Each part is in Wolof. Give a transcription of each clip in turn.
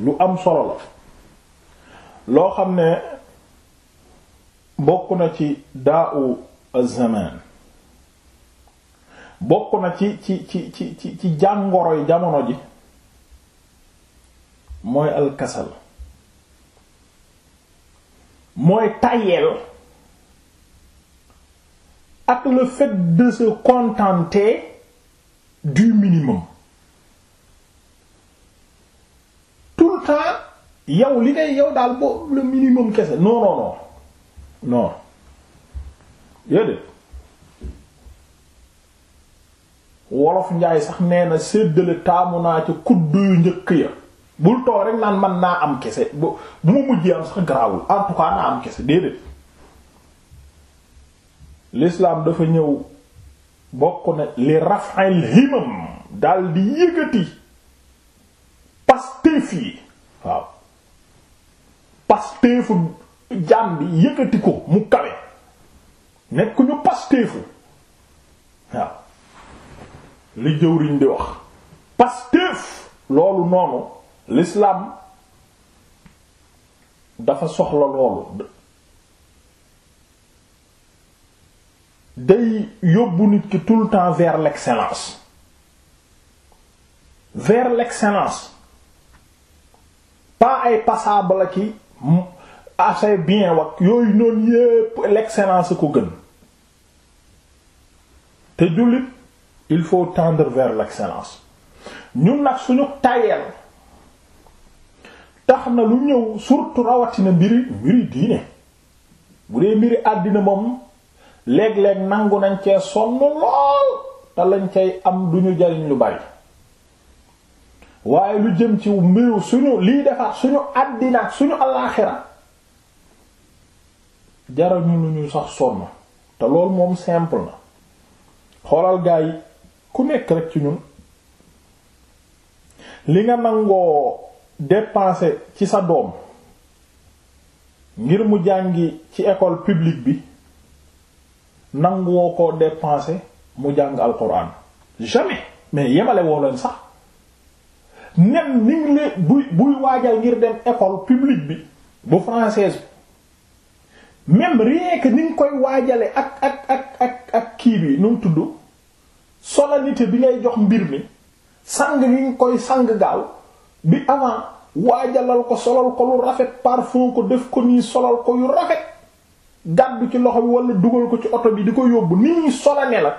lu am solo la loo xam ne bokk na ci daa'u az-zamaan bokk na ci ci ci ci ci ci jàngoroy jamono ji mooy alkasal mooy tayel ak le fait de se du minimum xanaa yow li ngay yow daal bo le minimum kese non non non non wolof njaay sax neena na séddale taamu naa ca kudd yu njëkk ya bul toog rek naan man naa am kese bu bu mu mujjee am sax garaawul en naa am kese déedéet l'islam dafa ñëw bokk na li raf'il himam dal di yëgati pastéef yi waaw pasteefu jaam bi yëkkati ko mu kawe nekk ñu pasteefu waaw li jëwriñ di wax pasteef loolu noonu l'islam dafa soxla loolu day yóbbu nit ki tout le temps vers l'excellence vers l'excellence pas ay passable ki assez bien wax yooyu noonu yépp l'excellence ko gën te jullit il faut tendre vers l'excellence ñu nag suñu tayeel tax na lu ñëw surtout rawatina mbiri mbiri diine bu dee mbiri àddina moom léeg-léeg nangu nañ cee sonn lool te lañ cay am duñu jariñ lu bari waaye lu jëm ci mbiru suñu liy defar suñu àddina ak suñu alaaxira jarañu lu ñu sax sonn te loolu moom simple na xoolal gaa yi ku nekk rek ci ñun li nga nangoo dépenser ci sa doom ngir mu jàngi ci école publique bi nanguwoo ko dépenser mu jàng alxuraan jamais mais yemale woo leen sax nem ni ngi lee buy buy waajal ngir dem école publique bi bu française bi même rien que ni nga koy waajale ak ak ak ak ak kii bi nu mu tudd solennité bi ngay jox mbir mi sang gi nga koy sang gaaw bi avant waajalal ko solal ko lu rafet parfum ko def ko nii solal ko yu rafet gàddu ci loxo bi wala dugal ko ci oto bi di ko yóbbu ni ñuy solane la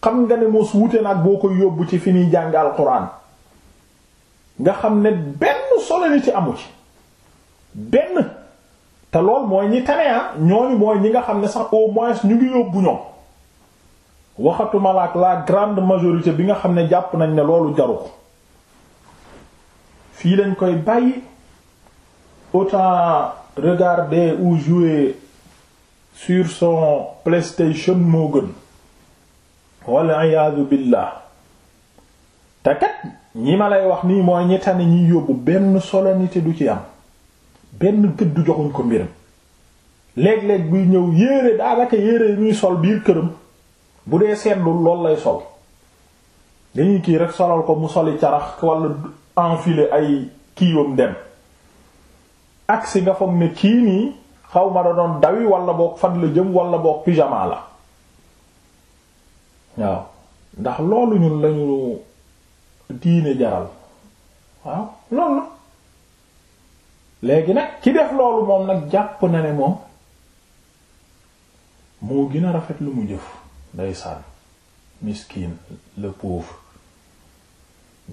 xam nga ne moos wute nag boo koy yóbbu ci fi ñuy jàng alxuraan nga xam ne benn solo ni ci amu ci benn te lool mooy ñi tane ah ñooñu mooy ñi nga xam ne sax au moins ñu ngi yóbbu ñoom waxatuma la ak la grande majorité bi nga xam ne jàpp nañ ne loolu jaru ko fii lañ koy bàyyi autant regarder ou jouer sur son PlayStation moo gën walla iyaadu billah te kat ñi ma lay wax nii mooy ñi tane ñi yóbbu benn solennité du ci am benn gëdd joxuñ ko mbiram léeg-léeg buy ñëw yére daanaka yére yi ñuy sol biir këram bu dee seetlul lool lay sol dañuy kii rek solal ko mu soli carax wala enfilé ay kiiwam dem agsi nga foog ne kii nii xaw ma da doon dawi wala boog fan la jëm walla boog pyjama la waaw ndax loolu ñun lañu diine jaral waaw loolu la léegi nag ki def loolu moom nag jàpp na ne moom moo gën a rafet lu mu jëf ndeysaan miskin le pauvre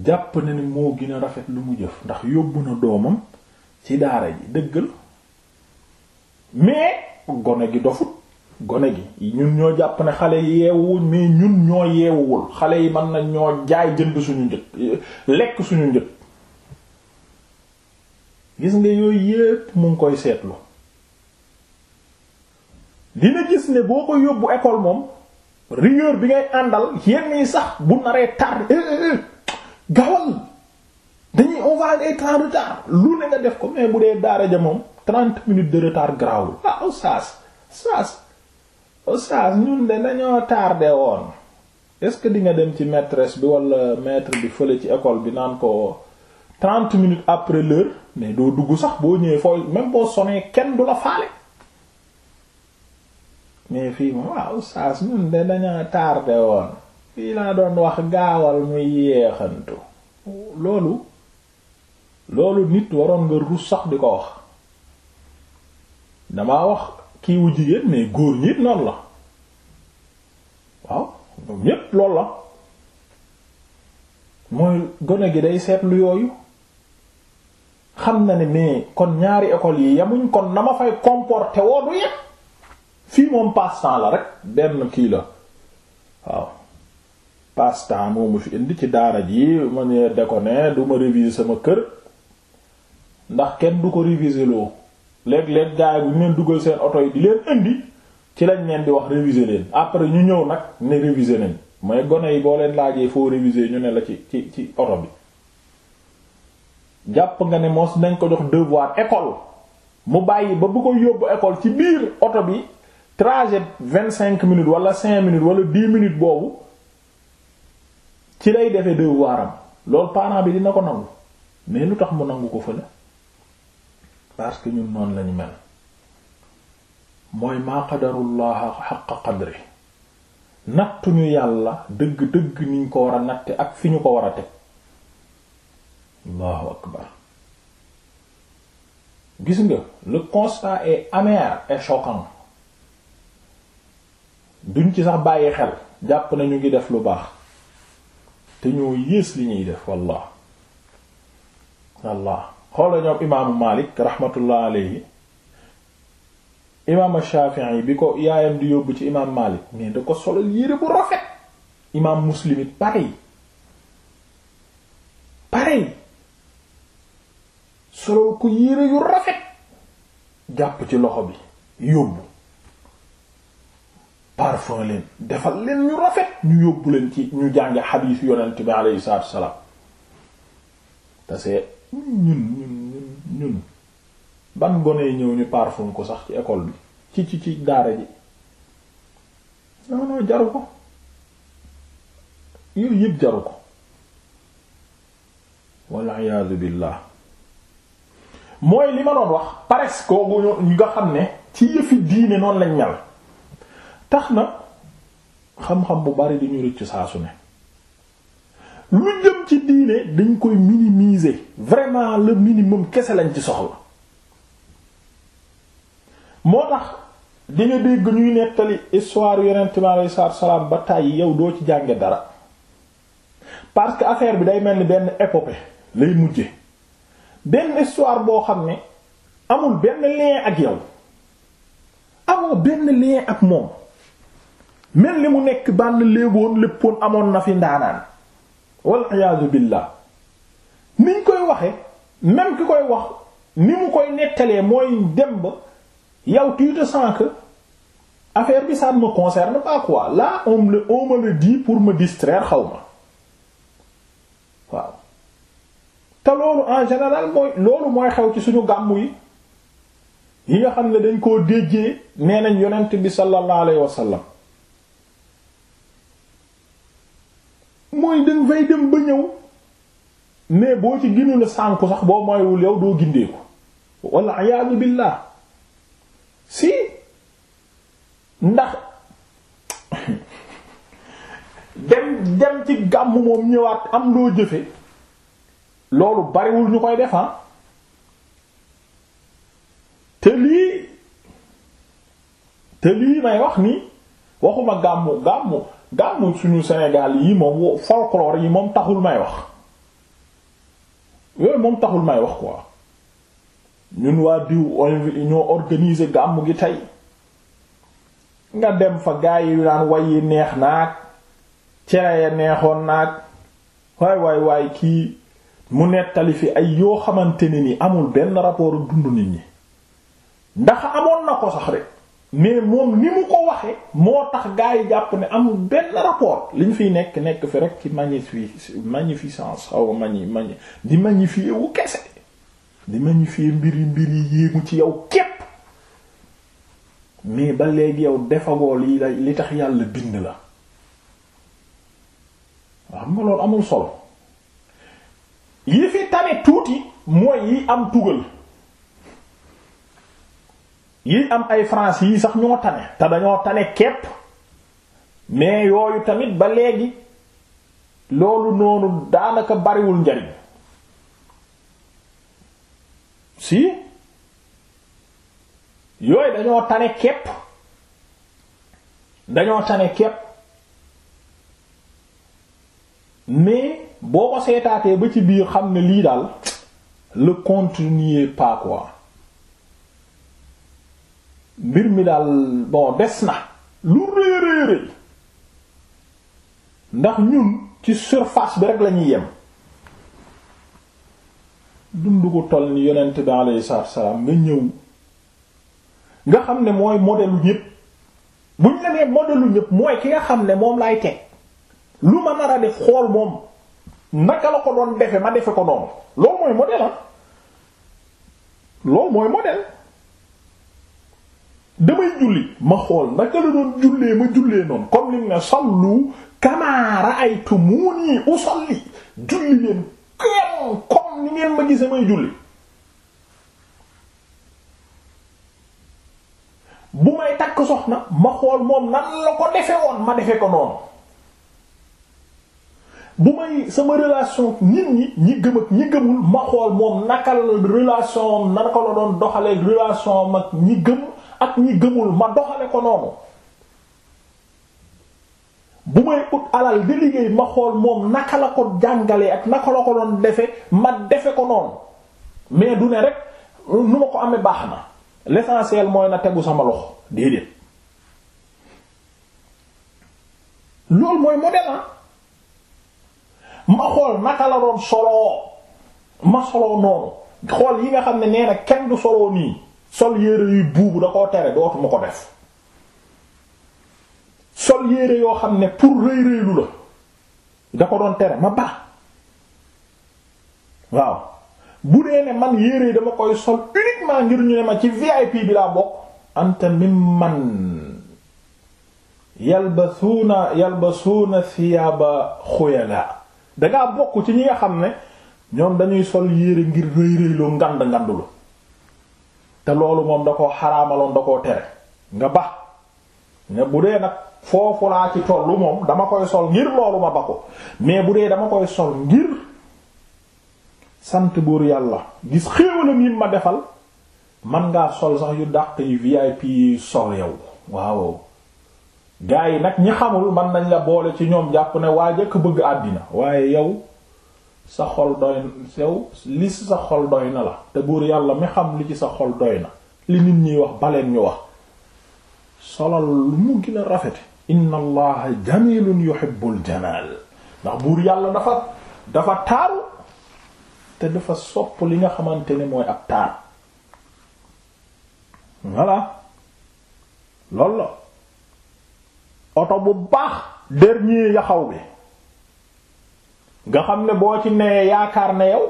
jàpp na ne moo gën a rafet lu mu jëf ndax yóbbu na doomam ci daara ji dëggal mais gone gi dofut gone gi ñun ñoo jàpp ne xale yi yeewuwuñ mais ñun ñoo yeewuwul xale yi man nañ ñoo jaay jënd suñu njëg lekk suñu njëg gis nga yooyu yépp mu ngi koy seetlu dina gis ne boo ko yóbbu école moom rigueur bi ngay àndal yenn yi sax bu naree tard eh, eh, eh, gawal dañuy on va être en retard lu ne nga def ko mais bu dee daara ja moom trente minutes de retard garaawul ah saas oh, saas oustaz ñun de dañoo tardé woon est-ce que di nga dem ci maîtresse bi wala maître bi fële ci école bi naan ko trente minutes après l'heure mais doo dugg sax boo ñëwee fooy même boo sonee kenn du la faale mais fii moom waaw oustaz ñun de dañoo tardé woon fii laa doon wax gaawal muy yeexantu loolu loolu nit waroon nga rus sax di ko wax damaa wax kii wu jigéen mais góor ñi noon la waaw ñoom ñépp loolu la mooy gone gi day seetlu yooyu xam na ne mais kon ñaari école yi yamuñ kon na ma fay comporter woo du yépp fii moom passe la rek benn kii la waaw passe-temps moomu fi indi ci daara ji ma ne déconner du ma réviser sama kër ndax kenn du ko réviser loo léeg-léeg gaay bu ñu leen dugal seen oto yi di leen indi ci lañ leen di wax réviser leen après ñu ñëw nag ne réviser leen mooy gone yi boo leen laajee foo réviser ñu ne la ci ci ci oto bi jàpp nga ne moos nañ ko jox devoir école mu bàyyi ba bu ko yóbbu école ci biir oto bi trajet vingt cinq minutes wala cinq minutes wala dix minutes boobu ci lay defee devoiram loolu parent bi dina ko nangu mais lu tax mu nangu ko fële parce que ñu noonu lañu mel mooy maa qadarullah xaqa qadri nattuñu yàlla dëgg-dëgg niñ ko war a natte ak fi ñu ko war a teg allahu akbar gis nga le constat est amer et choquant duñ ci sax bàyyi xel jàpp na ñu ngi def lu baax te ñoo yées li ñuy def wallah wallah xoola ñoom imaamu Malik rahmatullah alayhi imaam Shafi'i bi ko yaayam di yóbbu ci imaam Malik mais da ko solal yére bu rafet imaam Muslim it pareil pareil solal ko yére yu rafet jàpp ci loxo bi yóbbu parfum leen defal leen ñu rafet ñu yóbbu leen ci ñu jànge xadiis yonent bi alayhi salaatu wa salaam te ñun ñun ñun ban gone ñëw ñu parfum ko sax ci école bi ci ci ci daara ji non jaru ko yooyu yëpp jaru ko walla iyaazu billaah mooy li ma doon wax presque kooku ñu nga xam ne ci yëfi diine noonu lañ ñal tax na xam-xam bu bari di ñu rëcc saa su ne ci diine dañ koy minimiser vraiment le minimum kese lañ ci soxla moo tax di nga dégg ñuy nettali histoire yonent bi aleyhi salaam ba tàyyi yow doo ci jànge dara parce que affaire bi day mel ni benn épopée lay mujje benn histoire boo xam ne amul benn lien ak yow amoo benn lien ak moom mel ni mu nekk bànn léeboon léppoon amoon na fi ndaanaan wal iyaadu billah niñ koy waxe même ki koy wax ni mu koy nettalee mooy dem ba yow tu te sens affaire bi ça ne me concerne pas quoi là on me on me le pour me distraire xaw ma waaw te loolu en général mooy loolu mooy xew ci suñu gàmm yi yi nga xam ne dañ koo déjee nee nañ yonent bi sallallahu alayhi wa mooy danga fay dem ba ñëw mais boo ci ginu la sànku sax boo moywul yow doo gindeeku walla ayaadu billaah si ndax dem dem ci gàmm moom ñëwaat am loo jëfe loolu bariwul ñu koy defa ah. te lii te lii may wax ni waxuma gàmmu gàmmu gàmmu suñu senegaal yi moom folklore yi moom taxul may wax yooyu moom taxul may wax quoi ñun waa diw ñoo organiser gàmmu gi tey nga dem fa gaa yi daan yi neex naag cere ya neexoon naag waay waay waay kii mu nettali fi ay yoo xamante ni ni amul benn rapport dundu nit ñi ndax amoon na ko sax rek mais moom ni mu ko waxe moo tax gaa yi jàpp ne amul benn rapport li ñu nekk nekk fi rek ci magnifi magnificence xaw magni magni di fi wu kese di magnifier mbiri mbiri yéemu ci yow képp mais ba léegi yow defagoo li la li tax yàlla bind la xam nga loolu amul solo yi fi tane tuuti mooy yi am tugal yi am ay France yii sax ñoo tane te dañoo tane képp mais yooyu tamit ba léegi loolu noonu daanaka bariwul njariñ si yooyu dañoo tane képp dañoo tane kepp mais boo ko seetaatee ba ci biir xam ne lii daal le compte n'y mbir mi daal bon des na lu réeréeréy ndax ñun ci surface bi rek lañuy yem dund ko toll ni yonent bi alayhi salaatu wassalaam nga ñëw nga xam ne mooy modelu ñépp buñ la nee modelu ñépp mooy ki nga xam ne moom laay teg lu ma nar a def xool moom naka la ko doon defe ma defe ko noonu loolu mooy modèle ah. loolu mooy modèle damay julli ma xool naka la doon jullee ma jullee noonu comme ne sallu kamaa ra'aytumuuni ni ngeen ma gisee may julli bu may takk soxna ma xool moom nan la ko defe woon ma defe ko noonu bu may sama relation nit ñi ñi gëm ak ñi gëmul ma xool moom naka la relation am naka la doon doxalee relation am ak ñi gëm ak ñi gëmul ma doxale ko noonu bu may ut alal di liggéey ma xool moom naka la ko jàngalee ak naka la ko doon defe ma defe ko noonu mais du ne rek nu ma ko amee baax na l'essentiel mooy na tegu sama loxo déedéet loolu mooy modèle ah. ma xool naka la doon soloo ma soloo noonu xool yi nga xam ne nee na kenn du soloo nii sol yére yu buubu da koo tere dootuma ko def sol yére yoo xam ne pour rëy rëylu la da ko doon tere ma baax waaw bu dee ne man yére dama koy sol uniquement ngir ñu ne ma ci VIP bi laa bokk anta mimman yalbasuuna yalbasuuna thiyaaba xuyala dangaa bokk ci ñi nga xam ne ñoom dañuy sol yére ngir rëy rëyloo ngand ngandulu te loolu moom da koo xaraamaloon da koo tere nga ba ne bu dee nag foofu laa ci tollu moom dama koy sol ngir loolu ma ba ko mais bu dee dama koy sol ngir sant buur yàlla gis xéewalam yi ma defal man ngaa sol sax yu dàq yi VIP sol yow waaw gaa yi nag ñi xamul man nañ la boole ci ñoom jàpp ne waa jëkk bëgg àddina waaye yow sa xol doy sew li si sa xol doy na la te buur yàlla mi xam li ci sa xol doy na li nit ñiy wax baleen ñu wax solal lu mu gën a rafet inna allaha jamilun yuhibbul jamal ndax buur yàlla dafa dafa taal te dafa sopp li nga xamante ni mooy ak taar voilà loolu la oto bu baax dernier yaxaw bi nga xam ne boo ci nee yaakaar ne yow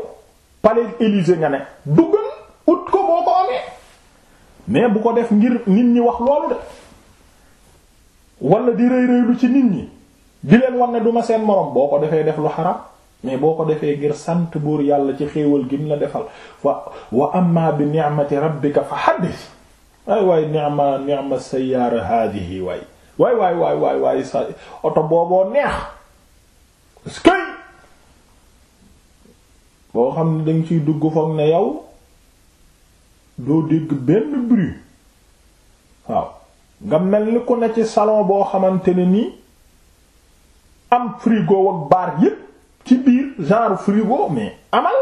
pale Élysée nga ne duggal ut ko boo ko amee mais bu ko def ngir nit ñi wax loolu de wala di rëy rëylu ci nit ñi di leen wan ne du ma seen morom boo ko defee def lu xaram mais boo ko defee ngir sant buur yàlla ci xéewal gi mu la defal wa wa amma bi ni'mati ko fa haddith waay waay ni'ma ni'ma sayyaara hadihi waay waay waay waay waay waay sa oto booboo neex boo xam ne danga ciy dugg foog na yow doo dégg benn bruit waaw nga mel ni ku ne ci salon boo xamante ne nii am frigo ak baar yépp ci biir genre frigo mais amal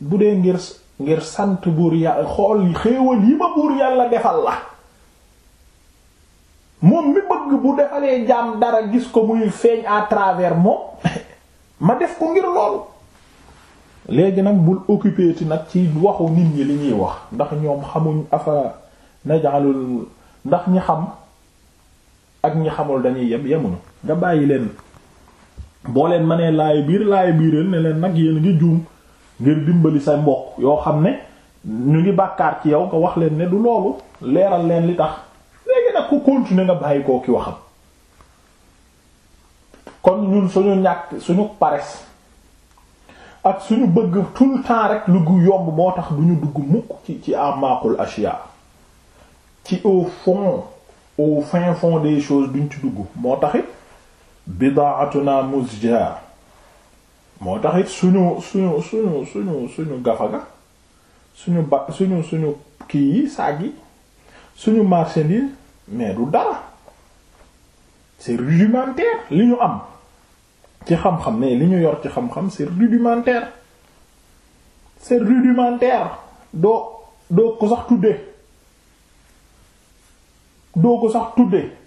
bu dee ngir ngir sant buur yàlla xool xéewal yi ma buur yàlla defal la moom mi bëgg bu defalee jaam dara gis ko muy feeñ à travers moom ma def ko ngir loolu léegi nag bul occupé si nag ci waxu nit ñi li ñuy wax ndax ñoom xamuñ afa najalul ndax ñi xam ak ñi xamul dañuy yem yemu nga bàyyi leen boo leen mënee laay biir laay biiral ne leen nag yéen ngi juum ngir dimbali sa mbokk yoo xam ne ñu ngi bàkkaar ci yow nga wax leen ne du loolu leeral leen li tax léegi nag ku continuer nga bàyyi koo ki waxam kon ñun suñu ñàkk suñu paresse ak suñu bëgg tout le temps rek lu gu yomb moo tax duñu dugg mukk ci ci amaqul ashia ci au fond au fin fond des choses duñ ci dugg moo taxit bidaatuna musja moo taxit suñu suñu suñu suñu suñu gafa ga suñu ba suñu suñu kii yi saag yi suñu marchandise mais du dara c'est rudimentaire li ñu am ci xam-xam ne li ñu yor ci xam-xam c'est rudimentaire c'est rudimentaire doo doo ko sax tudde doo ko sax tudde